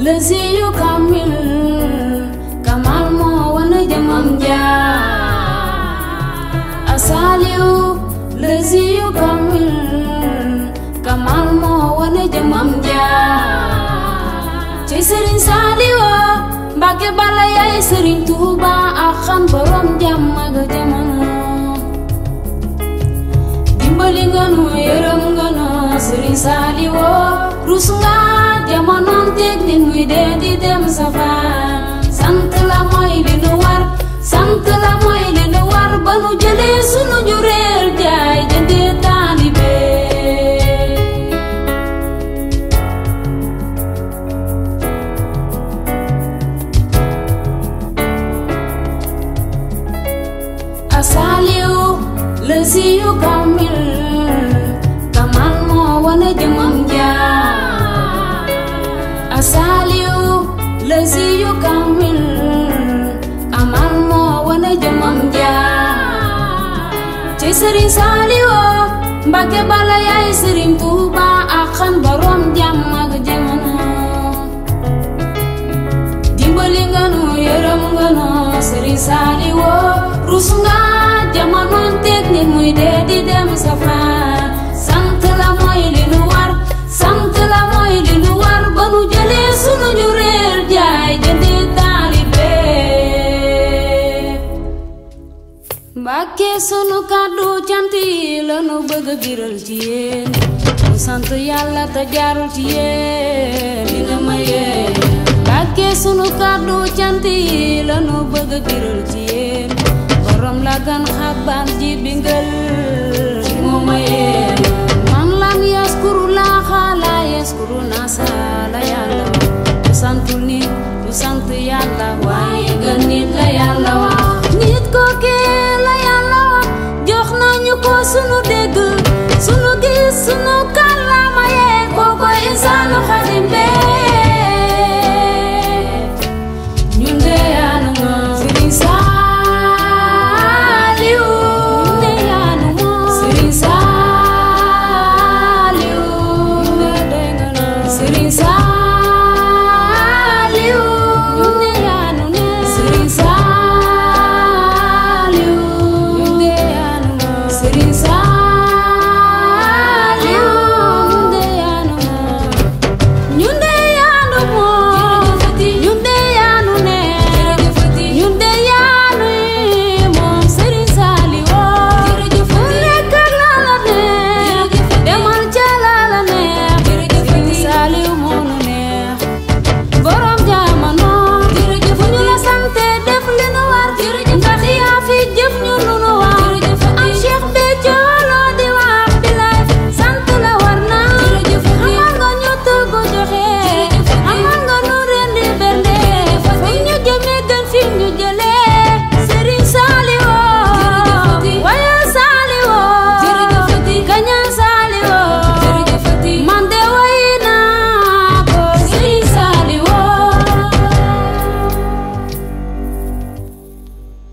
le ziyu kamil kamal mo wana jamam asaliu le ziyu kamil kamal mo wana jamam ja ci serin saliwa bakke bala yay serin tuba akhan borom jam mag jamam dimbali ngono yeram ngono serin saliwa tegnin wi de di dem safa sant la moy li nu war sant la moy li nu war ba nu jëlee sunu ñu réer jaay jëndee asaliu lesiu kaw siyo kamil kamang mo wala jamam dia cesarin saliwo bagya balaya sirin tuba akan barom dia mag jaman dimbalinganu yeram gano saliwo rusunga jaman mantek ni muy dedi dem mbàkkee sunu kàddu cant yi lanu bëgg a biral ci yéen mu sant yàlla te ci yéen dina ma yéen mbàkkee sunu kàddu cant yi lanu bëgg a biral ci yéen borom la gan xabaar ji bi passo no